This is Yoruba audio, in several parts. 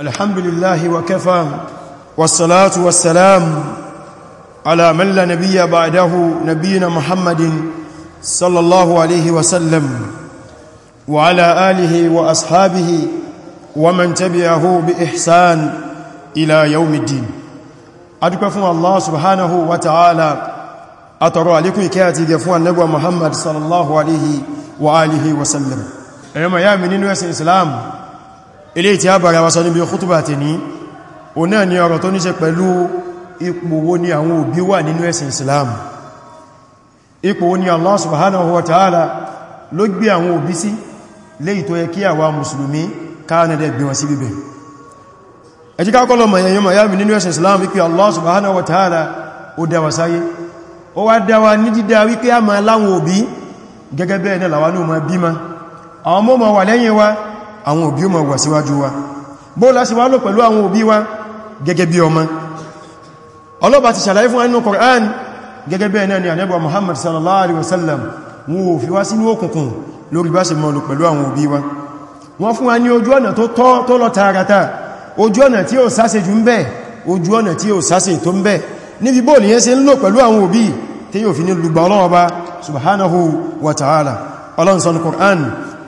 الحمد لله وكفى والصلاة والسلام على من لا نبي بعده نبينا محمد صلى الله عليه وسلم وعلى آله وأصحابه ومن تبعه بإحسان إلى يوم الدين أدوك فون الله سبحانه وتعالى أترى عليكم كاتي دفون النبوة محمد صلى الله عليه وآله وسلم أيما يا منين ويسن إسلام ilé tí a bára wa sọ níbi khutubah tè ní o náà ni ọ̀rọ̀ tó níṣe pẹ̀lú ipò ni àwọn òbí wà nínú ẹ̀sìn Islam ipò wo ni Allah subhanahu wa ta'ala ló gbé àwọn òbí sí léyìí tó yẹ kí àwa mùsùlùmí káànàdẹ̀ gbé Islam wípé Allah subhanahu wa ta'ala ó dáwà sáyé ó wá dáwà ní dídá wípé a máa láwọn òbí gẹ́gẹ́ bẹ́ẹ̀ náà làwọn ọmọ bímá àwọn ọmọ wà lẹ́yìn wa àwọn òbí ó máa wà síwájú wa bó láti wá lò pẹ̀lú àwọn òbí wa gẹ́gẹ́ bí ọmọ ọlọ́bà ti ṣàlàyé fún ẹnu Qur'an gẹ́gẹ́ bẹ́ẹ̀ náà ni ànábì Muhammad sallallahu alaihi wasallam wọn ò fi wá sínú òkùnkùn lórí bá ṣe máa lò pẹ̀lú àwọn òbí wa wọ́n fún wa ní ojú ọ̀nà tó tọ́ tó lọ tààràtà ojú Ọlọ́run subhanahu wa ta'ala Ọlọ́run sọ ní Qur'an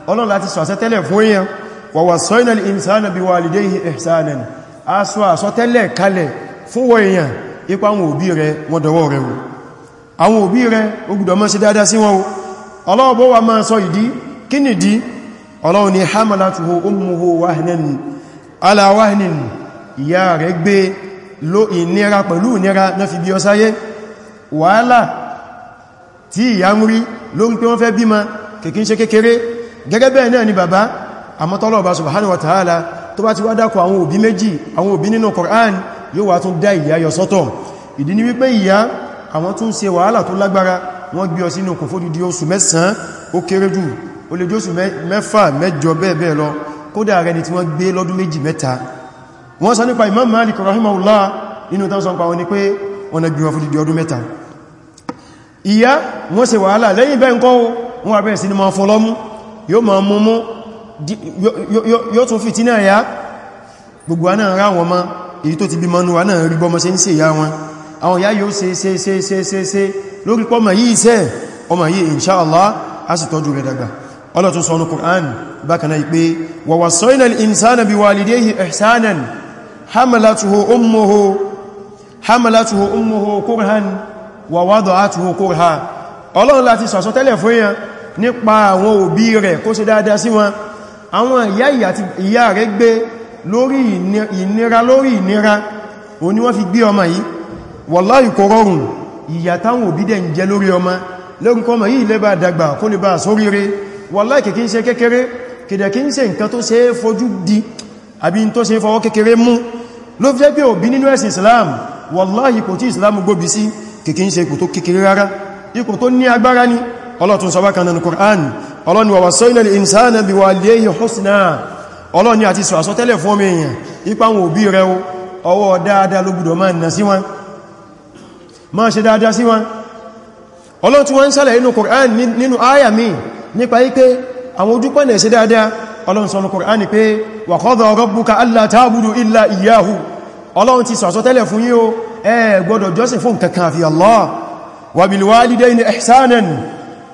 Ọlọ́run láti sọ àṣẹ tẹ́lẹ̀ fún èèyàn wa wasaina al-insana biwalidayhi ihsanan aṣọ àsọtẹ́lẹ̀ kalẹ̀ fún wọ èèyàn ipa àwọn òbí rẹ̀ wọ́n dọwọ́ rẹ̀ wò àwọn òbí rẹ̀ ó gbọ́dọ̀ mọ́ sí dáadáa sí wọn Ọlọ́run bó wa máa sọ ìdí kí ni ìdí Ọlọ́run gẹ́gẹ́ bẹ́ẹ̀ náà ni bàbá àmọ́ tọ́lọ̀bá subhanahu wa ta'ala tó bá ti wá dákọ̀ àwọn òbí méjì àwọn òbí nínú Qur'an yóò wá tún dá ìyá yọ sọ́tọ̀ ìdí ni wípé ìyá àwọn tún ṣe wàhálà tó lágbára wọ́n gbé ọ sínú kò fódí di oṣù mẹ́sàn-án ó kéré jù ó lè jóṣù mẹ́fà mẹ́jọ bẹ́ẹ̀ bẹ́ẹ̀ lọ Imam Malik rahimahullah nínú tán sọ pa wọn ni pé wọ́n gbé wọn fódí di ọdún mẹ́ta ìyá wọ́n ṣe wàhálà lẹ́yìn bẹ́ẹ̀ ń kọ́ wọn sí ni ma fọ́lọ́mú yóò ma mú yóò tún fìtí náà yá gbogbo wa náà rá wọn mọ́ èyí tó ti bí mọ́nú wa náà rí bọ́mọ́ ṣe ń ṣe ìyá wọn àwọn ìyá yóò ṣe ṣe ṣe ṣe ṣe ṣe lórí pọ́mọ̀ yìí iṣẹ́ ọmọ yìí insha Allah a sì tọ́jú rẹ̀ dàgbà Allah tún sọ ní Qur'an bákaná ìpé wa wassayna al-insana biwalidayhi ihsanan hamalatuhu ummuhu hamalatuhu ummuhu kurhan wa wada'atuhu kurha Ọlọ́run láti sàsọ tẹ́lẹ̀ fún yẹn nípa àwọn òbí rẹ̀ kó ṣe dáadáa sí wọn àwọn ìyá ìyá ti ìyá rẹ̀ gbé lórí ìnira lórí ìnira ó ní wọ́n fi gbé ọmọ yìí wallahi kò rọrùn ìyà táwọn òbí dẹ̀ ń jẹ lórí ọmọ lórí kọmọ yìí lè bá dàgbà kó lè sóríire wallahi kìí di àbí tó ṣe fọwọ́ kékeré mú ló fi Islam wallahi kò Islam gbóbi sí kìí ṣe ipò tó kékeré rárá ipò ni ọlọ́tún sọ bákan nínú Qur'an ọlọ́ni wa wasaina al-insana biwalidayhi husna ọlọ́ni àti sọ àsọtẹ́lẹ̀ fún ọmọ èèyàn ipa wọn òbí rẹ ọwọ́ dáadáa ló gbọ́dọ̀ máa nà sí wọn máa ṣe dáadáa sí wọn ọlọ́n tí wọ́n ń sálẹ̀ inú Qur'an nínú àyà mi nípa ipé àwọn ojúpọ̀nà ṣe dáadáa ọlọ́n sọ Qur'an pé wa qadha rabbuka alla ta'budu illa iyyahu ọlọ́n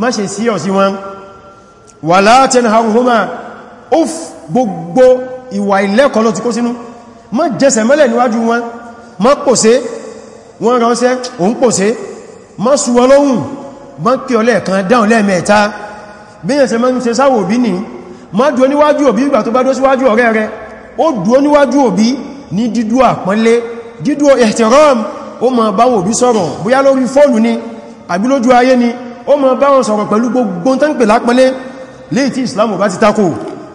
má ṣe sí ọ̀ sí wọn wà látẹn haruhoma óf gbogbo ìwà ilẹ́kọ̀ọ́ ló ti kó sínú má jẹsẹ̀ mẹ́lẹ̀ níwájú wọn má pòsé wọ́n ránṣẹ́ òun pòsé má súwọ lóhùn má kí ọlẹ́ kan dáhùn lẹ́ẹ̀mẹ́ta bíyàn ṣe má ń ṣe sáwò òbí ní má dúó níwájú òbí ìgbà tó bá dúó síwájú ọ̀rẹ́ rẹ ó dúó níwájú òbí ní dídú àpọ́nlé dídú ihtiram ó ma báwọn òbí sọ̀rọ̀ bóyá ni àbí lójú ó máa bá wọn sọ̀rọ̀ pẹ̀lú gbogbo tán pè lápẹlẹ́ léè tí islam bá ti tako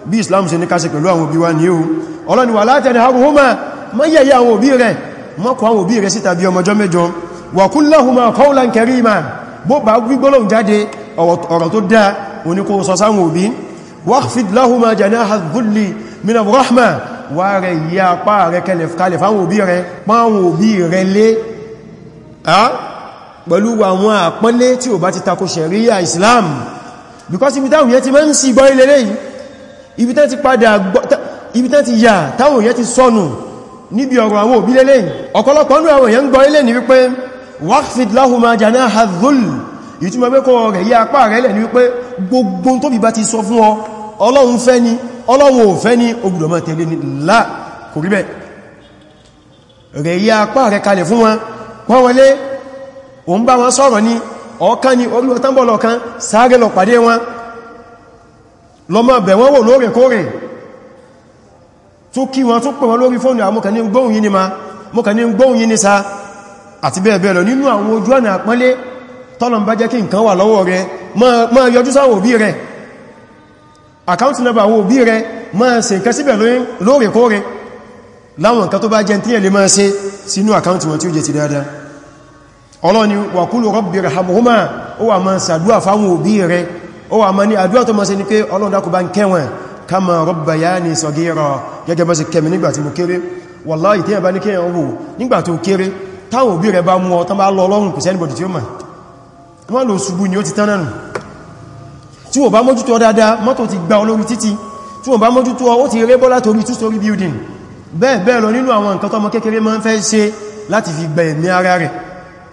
bí islam ṣe ní ká ṣe pẹ̀lú àwọn òbí wa ní o ọlọ́ni wà látẹ̀dẹ̀ haru homa mọ́ yẹ̀yẹ́ àwọn òbí rẹ̀ mọ́kọ̀ àwọn òbí rẹ̀ síta bí ọmọjọ́ mẹ́jọ wà kullahuma qawlan karima bó bá gbígbọ́lọ̀ jáde ọ̀rọ̀ tó dá oníkó sọ sáwọn òbí wakhfid lahuma rẹ̀ yí apá rẹ̀ kẹlẹ̀ fáwọn òbí rẹ̀ pàwọn òbí rẹ̀ lé pẹ̀lú àwọn àpọ́nlé tí ò bá ti tako ṣẹ̀ríyà Islam because ibi táwọn yẹn ti mẹ́ ń sí bọ́ ilẹ̀ lẹ́yìn ibi tán ti padà ibi tán ti yà táwọn yẹn ti sọnù níbi ọ̀rọ̀ àwọn òbí lẹ́lẹ́yìn ọ̀kọ́lọpọ̀ nú àwọn yẹn ń gbọ́ ilẹ̀ ní wípé waqfid lahuma janaha dhul ìtumọ̀ pé kọ́ rẹ̀ yí apá rẹ̀ ni Ọlọ́run ò fẹ́ ni ó gbọ́dọ̀ kalẹ̀ fún wọn pọ́n o ń bá wọn sọ̀rọ̀ ní ọ̀kan ní orí ọ̀tánbọ̀lọ̀ kan sáré lọ pàdé wọn lọmọ bẹ̀ wọ́n wò lóòrèkóòrè tó kí wọn tó pè wọn lórí fóònù àmúkà ah, ní gbóhùn ni ma múkà ní gbóhùn yìí ni sa àti bẹ́ẹ̀ bẹ́ẹ̀ lọ nínú àwọn ojú ọ̀nà àpọ́nlé tọ́lọm bá jẹ́ kí nǹkan wà lọ́wọ́ rẹ máa yọjú sáwọn òbí rẹ àkáùntì wọn tí ó jẹ́ ti dáadáa ọlọ́ni wàkúlù rọ́bì rahamuhuma ó wà máa sàdúwà fáwọn òbí rẹ̀ ó wà máa ní àdúwà tó máa ṣe ní pé ọlọ́dàkù bá ń kẹwọ̀n kama rọ́bà yá ní sọ̀gírọ̀ gẹ́gẹ́ bá ṣe kẹmi nígbà tí mo kéré wàláhì tí bá ní kí ẹ̀wò nígbà tó kéré táwọn òbí rẹ̀ bá mú ọ tán bá lọ ọlọ́run kò sẹ́nìbọ̀dì tí ó mà wọ́n lò ṣubú ni ó ti tánà nù tí wọ́n bá mójútó dáadáa mọ́tò ti gba olórí story building bẹ́ẹ̀ bẹ́ẹ̀ lọ nínú àwọn nǹkan tọ́mọ kékeré máa ń fẹ́ ṣe láti fi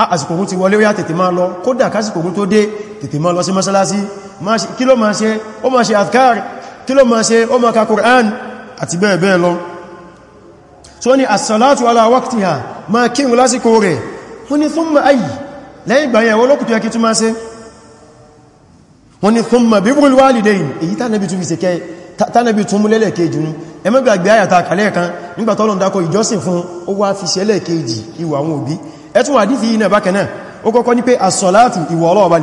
Ah, àsìkò ogun ti wọlé ó yá tètè máa lọ kódà kásìkò ogun tó dé tètè máa lọ sí mọ́sálásí kí ló máa ṣe ó máa ṣe adhkar kí ló máa ṣe ó máa ka Qur'an àti bẹ́ẹ̀ bẹ́ẹ̀ lọ tó ní as-salatu ala waqtiha máa kírun lásìkò rẹ̀ wọ́n ni thumma ayi lẹ́yìn ìgbà yẹn wọ́n lókùtù ẹkì tó máa ṣe wọ́n ni thumma birrul walidayn èyí tánàbí tún fi ṣe kẹ́ tánàbí tún mú lẹ́lẹ̀kejì ní ẹmẹ́gbàgbé àyàtà kàlẹ́ kan nígbàtọ́lọ̀ dákọ̀ ìjọsìn fún ó wá fi ṣẹlẹ̀ kejì ìwà àwọn òbí ẹtún wà dìtì iná bákanáà ó kọ́kọ́ ní pé asọ́látù ìwọ ọlọ́ọ̀bá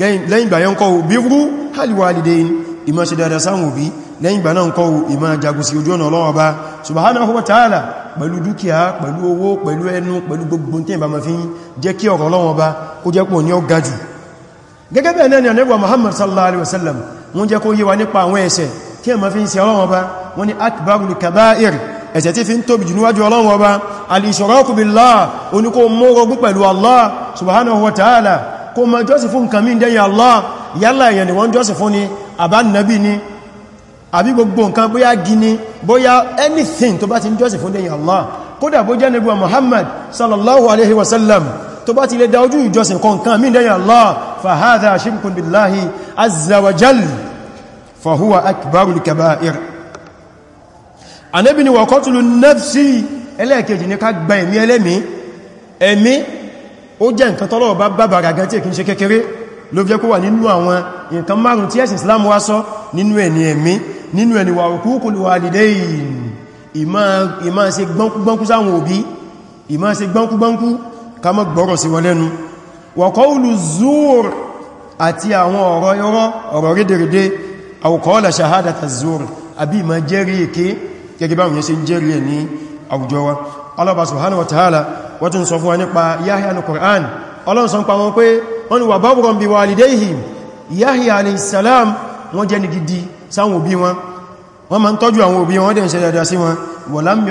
lẹ́yìn ìgbà yẹn kọ́ birru alwalidain ìmá ṣe dáadáa sáwọn òbí lẹ́yìn ìgbà náà kọ́ ìmá jagun sí ojú ọ̀nà ọlọ́ọ̀bá subhanahu wa ta'ala pẹ̀lú dúkìá pẹ̀lú owó pẹ̀lú ẹnu pẹ̀lú gbogbo tí ìbá ma fi jẹ́ kí ọ̀rọ̀ ọlọ́ọ̀bá kó jẹ́ pọ̀ ní ọ gajù gẹ́gẹ́ bẹ́ẹ̀ náà ni anẹ́gbà Muhammad sallallahu alaihi wasallam wọ́n jẹ́ kó yíwa nípa àwọn ẹ̀ṣẹ̀ tí kaba'ir ẹ̀ṣẹ̀ tí fi ń tóbi jù níwájú ọlọ́run ọba al-ishraku billah oníkó mọ́rọgún pẹ̀lú allah subhanahu wa ta'ala kó ma jọ́sì fún nǹkan mín dẹ́yìn allah yálà èyàn ni wọ́n jọ́sì fún ni àbá nàbí ni àbí gbogbo nǹkan bóyá gini bóyá anything tó bá ti ń jọ́sì fún dẹ́yìn allah kódà bó jẹ́ nẹ́bùwa muhammad sallallahu alaihi wasallam tó bá ti lè dá ojú ìjọsìn kọ̀ọ̀kan mín dẹ́yìn allah fa hadha shirkun billahi azza wa akbarul kaba'ir anẹ́bí ni wà kọ́tùlù nẹ́fsí ẹlẹ́ẹ̀kejì ní ká gba ẹ̀mí ẹlẹ́mí ẹ̀mí ó jẹ́ nǹkan tọ́lọ̀ bá bàbàrà gan tí èkín ṣe kékeré ló jẹ́ kó wà nínú àwọn nǹkan márùn tí ẹ̀sìn Islam wá sọ nínú ẹni ẹ̀mí nínú ẹni wà òkúkùlù walidayn ìmá ṣe gbọ́nkúgbọ́nkú sáwọn òbí ìmá ṣe gbọ́nkúgbọ́nkú ká má gbọ́rọ̀ sí wọn lẹ́nu wa qawlu zur àti àwọn ọ̀rọ̀ irọ́ ọ̀rọ̀ rédèrèdè aw qawla shahadata àbí ìmá jẹ́rìí èké gẹ́gẹ́ báwọn yẹn ṣe ń jẹ́rì ẹ̀ ní àwùjọ wa Allah subhanahu wa wọ́n sọ fún wa nípa Yahya ní Qur'an Allah sọ pa wọn pé wọ́n ni wà bábùrọ̀n bí walidayhim Yahya alaihissalam wọ́n jẹ́ gidi sáwọn òbí wọn wọ́n ma ń tọ́jú àwọn òbí wọn dẹ̀ ń ṣe dáadáa sí wọn wa lam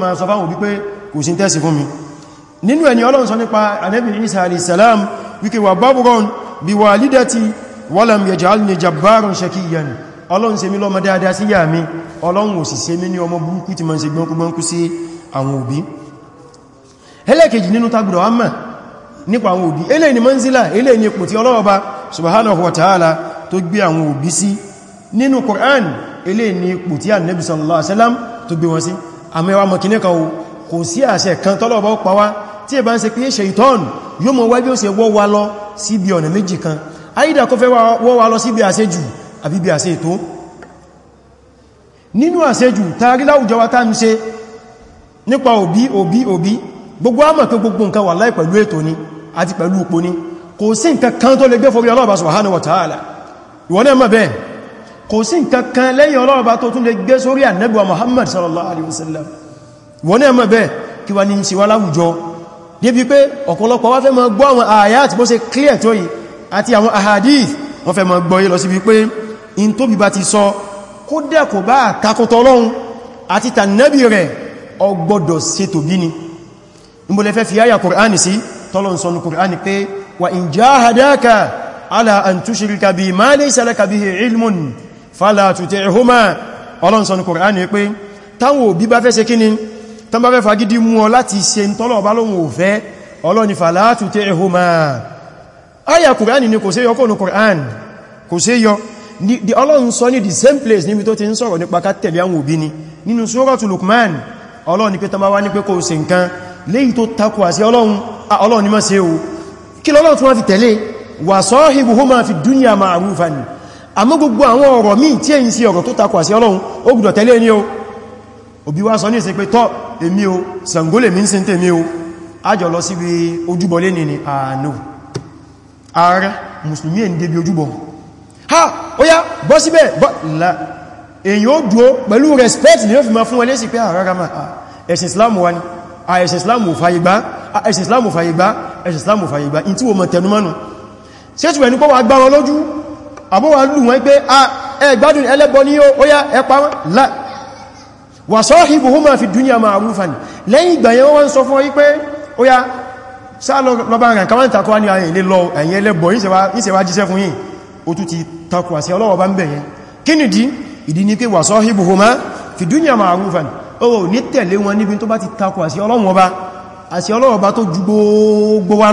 ma sọ fáwọn òbí pé kò sí tẹ́sì fún mi nínú ẹni Ọlọ́run sọ nípa Ànábì Isa alaihissalam wíkẹ wà bí wàlídàtí walam yaj'alni jabbaran shakiyyan ọlọ́run ṣe mí lọ́mọ dáadáa sí yà mí ọlọ́run ò sì ṣe mí ní ọmọ burúkú sí àwọn òbí ni manzila eléyìí ni ipò tí ọlọ́run bá subhanahu wa ta'ala tó gbé Qur'an eléyìí ni ipò tí Ànábì sallallahu alaihi wasallam tó gbé wọn sí àmẹ́wàá mọ̀kíníkà kò sí àṣẹ kan tọ́lọ́run bá tí ẹ bá ń ṣe pé ṣẹ̀ìtọ́n yóò mọ̀ wá bí ó ṣe wọ́ wa lọ síbi ọ̀nà méjì kan àìdà kó fẹ́ wọ́ wa lọ síbi àṣejù àbí bí àṣe ètò nínú àṣejù tààrí láwùjọ wa tá ṣe nípa òbí òbí òbí gbogbo àmọ̀ pé gbogbo nǹkan wà láì pẹ̀lú ètò ni àti pẹ̀lú òpó ni kò sí nǹkan kan tó lè gbé forí ọlọ́ọ̀bá subhanahu wa ta'ala ìwọ Muhammad sallallahu alaihi wasallam ìwọ náà mọ̀ bẹ́ẹ̀ kí wá ní ṣe wá láwùjọ débi pé ọ̀pọ̀lọpọ̀ wá fẹ́ máa gbọ́ àwọn àyàtì bó ṣe clear tó yìí àti àwọn ahadith wọ́n fẹ́ máa gbọ́ yìí lọ sí bí pé in tó bíbá ti sọ kó dẹ́kò bá takótọ́ Ọlọ́run àti tànẹ́bì rẹ̀ ọgbọ́dọ̀ ṣe tó bí ni ìmọ̀lẹ̀ fẹ́ fi áyà Kùránì sí tọ́lọ́n sọ ní Kùránì wa in jahadaka ala an tushrika bi ma laysa laka bihi ilmun fala tuti'huma ọlọ́n sọ ní Kùránì pé táwọn òbí bá fẹ́ tán bá fẹ́ fagídí mú ọ láti ṣe ń tọ́lọ̀ bá lóhun òfẹ́ ọlọ́ni fàlá tutẹ́ ehoma ayà kùránì ni kò sí yọ kónù kùránì kò sí yọ di ọlọ́run sọ ní the same place níbi tó ti ń sọ̀rọ̀ nípa ká tẹ̀lé àwọn òbí ni nínú sóràtù Lukman ọlọ́run ni má ṣe o kí lọ́lọ́run tún wá fi tẹ̀lé wà sahibuhuma fi dunya ma'rufan àmọ́ gbogbo àwọn ọ̀rọ̀ míì tí èyí sí ọ̀rọ̀ tó takò àṣẹ ọlọ́run ó gbọ́dọ̀ òbí wá sọ ní ìsìn pé tọ́ èmi o sàngólè mi ń sin tèmi o ájọ lọ sí ibi ojúbọlé ní àánú ààrẹ mùsùlùmí èyí débi ojúbọ ha ó yá bọ́ síbẹ̀ la èyí ó dúó pẹ̀lú respect ni ó fi ma fún wọlé sí pé àrárama ẹ̀sìn islamu wa ni ẹ̀sìn islamu fàyègbá ẹ̀sìn islamu islamu fàyègbá in tí wo mọ̀ tẹnumọ́nu ṣéṣù ẹni pọ́ wà gbáwọn lójú àbọ́wà lù wọ́n pé ẹgbádùn ẹlẹ́bọ ní ó yá ẹpa wọn láà wa sahibuhuma fi dunya ma'rufan lẹ́yìn ìgbà yẹn wọ́n sọ fún wípé ó yá sáà lọ bá ń ràn káwọn ìtakọ́ ní ayẹ̀ ilé lọ ẹ̀yìn ẹlẹ́bọ̀ ìṣẹ̀wà jíṣẹ́ fún yìí ó tún ti takù àṣẹ ọlọ́wọ̀ bá ń bẹ̀yẹn kí ni dí ìdí ni pé wa sahibuhuma fi dunya ma'rufan ó ní tẹ̀lé wọn níbi tó bá ti takù àṣẹ ọlọ́wọ̀ bá àṣẹ ọlọ́wọ̀ bá tó ju gbogbo wa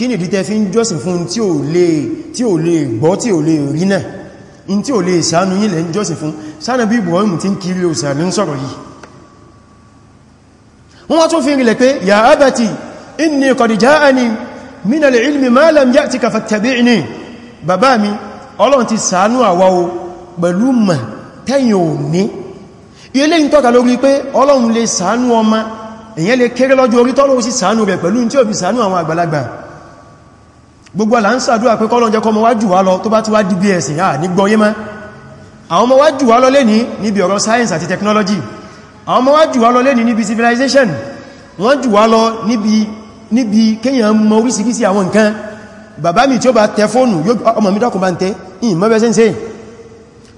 kí ni ìdítẹ́ fi ń jọ́sìn fún tí ò lè tí ò lè gbọ́ tí ò lè rí náà in tí ò lè ṣàánú yílẹ̀ ń jọ́sìn fún sáànà bí Ibrahim tí ń kiri òsà ní sọ̀rọ̀ yìí wọ́n wá tún fi rí lẹ pé ya abati inni qad ja'ani min al-ilmi ma lam ya'tika fattabi'ni bàbá mi Ọlọ́run ti ṣàánú àwa o pẹ̀lú mọ̀ tẹ́yìn ò ní ilé ń tọ́ka lórí pé Ọlọ́run lè ṣàánú ọmọ èyàn lè kéré lọ́jọ́ orí tọ́lọ́wọ́ sí ṣàánú rẹ̀ gbogbo àlà ń sàdúrà pé kọ́lọ̀ jẹ́ kọ́ mọ́ wájú wá lọ tó bá ti wá dìbí ẹ̀sìn àà ní gbọ́yé má àwọn ọmọ wájú wá lọ lẹ́ni níbi ọ̀rọ̀ science àti technology àwọn ọmọ wájú wá lọ lẹ́ni níbi civilization wọ́n jù wá lọ níbi kéèyàn mọ orísìírísìí àwọn nǹkan bàbá mi tí ó bá tẹ fóònù mi dákùn bá ń tẹ ìyìn mọ́ bẹ́sẹ̀ ṣe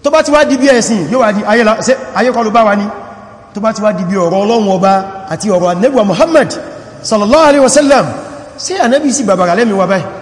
tó bá ti wá dìbí ẹ̀sìn yóò wá di ayékọlù bá wa ni tó bá Muhammad sallallahu alaihi wasallam sí ànábì sí bàbàrà lẹ́mi wa báyìí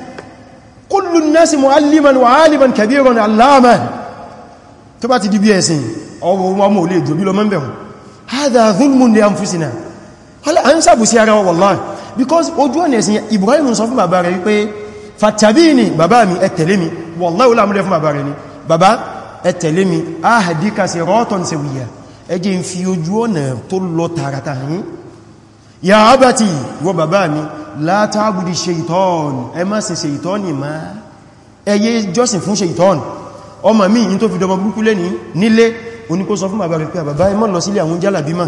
kullu an-nasi mu'alliman wa 'aliman kabiran 'allaman tó bá ti di bí ẹ̀sìn ọwọ́ wọn mọ̀ lè jòbí lọ mẹ́bẹ̀ hùn hadha zulmun hálà an sàbù sí ara wallahi because ojú ọ̀nà ẹ̀sìn Ibrahim sọ fún bàbá rẹ̀ wípé fatabini bàbá mi ẹ tẹ̀lé mi wallahi ó lámúlẹ̀ fún bàbá rẹ̀ ni bàbá ẹ tẹ̀lé mi ya abati wọ bàbá mi látàbùdì ṣeìtọ́n ẹ má sìn ṣeìtọ́nì má ẹyẹ jọ́sìn fún ṣeìtọ́n ọmọ mi yí tó fi dọmọ burúkú lẹ́ni nílé oníkó sọ fún bàbá rẹ̀ pé ah, bàbá ẹ má lọ sílé àwọn jálàbí má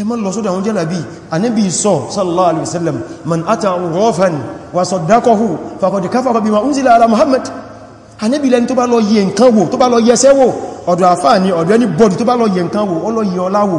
ẹ má lọ sọ́dọ̀ àwọn jálàbí Ànábì sọ sallallahu alaihi wasallam man ata rọ́fan wa saddaqahu faqad kafara bima unzila ala Muhammad Ànábì lẹni tó bá lọ yẹ nǹkan wò tó bá lọ yẹsẹ́ wò ọ̀dọ̀ ni ọ̀dọ̀ ẹni bọ́dì tó bá lọ yẹ nǹkan wò ó lọ yẹ ọlá wò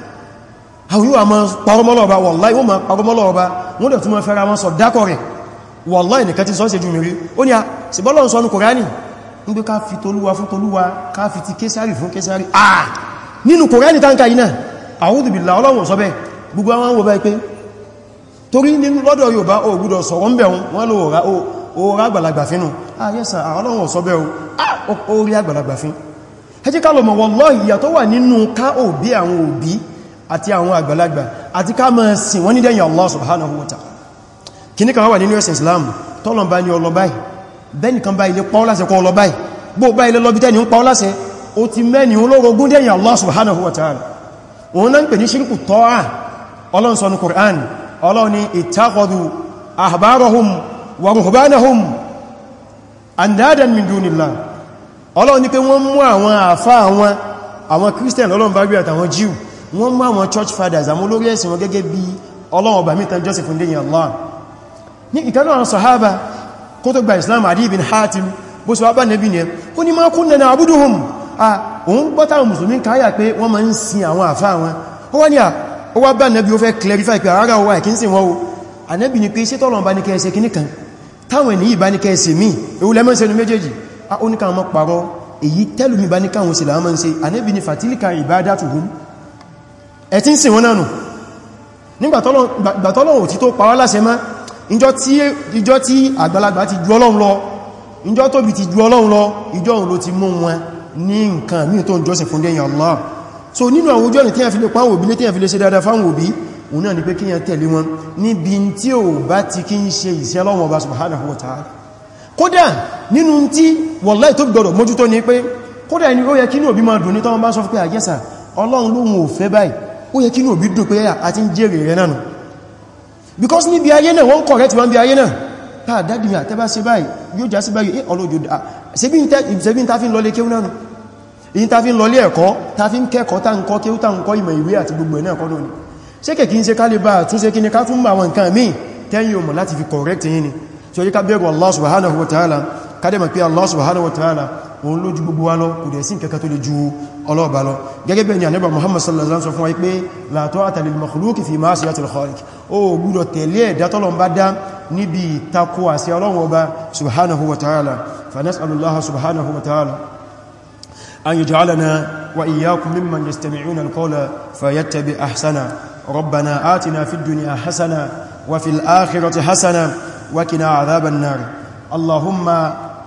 àwọn yóò máa parọ́mọ́lọ́ ọba wọ̀láì wọ́n máa parọ́mọ́lọ́ ọba wọ́n dẹ̀ tún máa fẹ́ra wọn sọ dákọ̀ rẹ̀ wọ̀láì nìkan tí sọ́ọ̀sẹ̀ jù mí rí ó ní a síbọ́lọ́ sọ́nù kòránì ń gbé ká fi tolúwa fún tolúwa ká fi ti késàrì fún késàrì ah nínú kòránì táǹkà iná àwúdùbìlà ọlọ́wọ̀n sọ bẹ́ẹ̀ gbogbo àwọn wọ́n bá pé torí nínú lọ́dọ̀ Yorùbá o gbúdọ̀ sọ̀rọ̀ ń bẹ̀rún wọ́n lò òòrá àgbàlagbà fínú àyẹ́sà ọlọ́wọ̀n sọ bẹ́ẹ̀ o orí àgbàlagbà fín ẹ jẹ́ ká lọ mọ̀ wọ́lọ́ ìyà tó wà nínú ká òbí àwọn òbí àti àwọn àgbàlagbà àti ká máa sìn wọ́n ní dẹ̀yìn Allah subhanahu wa ta'ala kìní kan wà nínú ẹ̀sìn Islam tọ́lọ̀ bá ní ọlọ́báì bẹ́ẹ̀ni kan bá ilé pọ́n láṣẹ kọ́ ọlọ́báì bó bá ilé lọ́bí tẹ́ni ń pọ́n láṣẹ ó ti mẹ́ni olórogún dẹ̀yìn Allah subhanahu wa ta'ala òun náà ń pè ní ṣírkù tọ́à Ọlọ́run sọ àwọn àfá Ọlọ́run bá gbé àtàwọn Jew wọ́n mú àwọn church fathers àmú lórí ẹ̀sìn wọn gẹ́gẹ́ bí ọlọ́wọ̀n bàmí tán jọ́sìn fún dẹ́yìn Allah ní ìkanú àwọn sahaba kó tó gba Islam Adi bin Hatim bó sọ wábá nẹ́bí nìyẹn ó ní máa kún nẹ̀nà àbúdùhùn à òun gbọ́ta mùsùlùmí káyà pé wọ́n máa ń sin àwọn wá bá nẹ́bí clarify pé ara wa kì í sin ni pé sétọ́lọ̀ bá ní kẹsẹ̀ kíní kan táwọn ènìyàn bá ní kẹsẹ̀ míì a ó ní káwọn mọ́ parọ́ èyí tẹ́lùmí bá ní káwọn sí làwọn mọ́ ń ṣe ẹ̀ tí ń sìn wọ́n nánú nígbàtọ́lọ́wọ̀ tí tó pàwọ́ láṣẹ má ìjọ tí àgbàlagbà ti ju Ọlọ́run lọ ìjọ tóbi ti ju Ọlọ́run lọ ìjọ òun ló ti mú wọn ní nǹkan mí tó ń jọ́sìn fún dẹ́yìn Allah so nínú àwọn ojú ọ̀nà tí a fi lè pa àwọn òbí lé tí a fi lè ṣe dáadáa fáwọn òbí òun náà ni pé kíyàn tẹ̀lé wọn níbi tí ò bá ti ń ṣe ni pé kódà ẹni ó yẹ kí ní òbí máa dùn ní tọ́wọ́n bá sọ fún pé àjẹ́sà Ọlọ́run lóhun fẹ́ báyìí ó yẹ kí ní òbí dùn pé yà àti ń jèrè rẹ̀ náà because níbi ayé náà wọ́n correct wọ́n bí ayé náà pa ah, dáàdì mi àtẹ́bá sí báyìí yóò já sí báyìí eh, ọlọ́jọ́ ah, ṣebí ta fi ń lọlé kéwú náà èyí ta fi ń lọlé ẹ̀kọ́ ta fi ń kẹ́kọ́ ta ń kọ́ kéwú ta ń kọ́ ìmọ̀ ìwé àti gbogbo ẹ̀ náà kọ́ lónìí ṣé kẹ̀kí ń ṣe ká lè bá àtúnṣe kí ni ká tún bá àwọn nǹkan míì tẹ́yìn òmù láti fi correct yìí ni tí ó yí ká bẹ̀rù Allah subhanahu wa ta'ala ká dẹ̀ mọ̀ pé Allah subhanahu wa ta'ala òun ló ju gbogbo wa lọ kò dẹ̀ sí nǹkan tó lè ju ọlọ́ọ̀bá lọ gẹ́gẹ́ bẹ̀ẹ̀ ni ànábì Muhammad sallallahu alaihi wasallam sọ fún wa pé la ta'ata lil makhluqi fi ma'siyatil khaliq ó gbọ́dọ̀ tẹ̀lé ẹ̀dá tọ́lọ́n bá dá níbi ìtakò àṣẹ ọlọ́run ọba subhanahu wa ta'ala fa nas'alullaha subhanahu wa ta'ala an yaj'alana wa iyyakum mimman yastami'una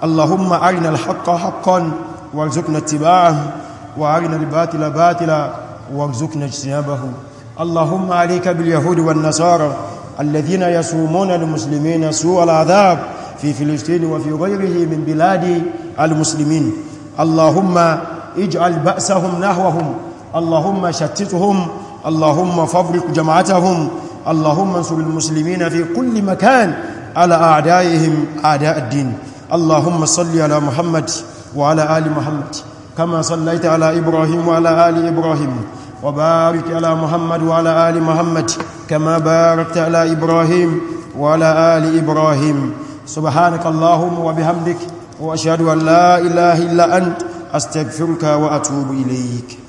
اللهم أرنا الحق حقا وارزقنا اتباعه وأرنا الباطل باطلا وارزقنا اجتنابه اللهم عليك باليهود والنصارى الذين يصومون المسلمين سوء العذاب في فلسطين وفي غيره من بلاد المسلمين اللهم اجعل بأسهم نهوهم اللهم شتتهم اللهم فبرك جماعتهم اللهم انصر المسلمين في كل مكان على أعدائهم أعداء الدين اللهم صل على محمد وعلى آل محمد كما صليت على إبراهيم وعلى آل إبراهيم وبارك على محمد وعلى آل محمد كما باركت على إبراهيم وعلى آل إبراهيم سبحانك اللهم وبحمدك وأشهد أن لا إله إلا أنت أستغفرك وأتوب إليك